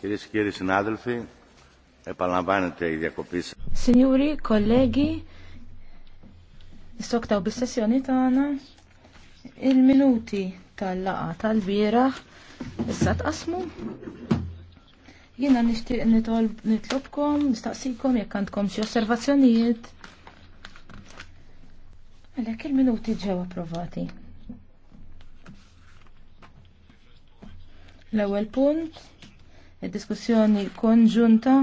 Κυρίες και Signori, bis-sessjoni tagħna il-minuti tal-laqa tal-bieraħ issa tqasmu. Jiena nixtieq nitlobkom, nistaqsikom jekk għandkom xi osservazzjonijiet. Għalhekk il-minuti ġew approvati. L-ewwel punt id-diskussjoni konġunta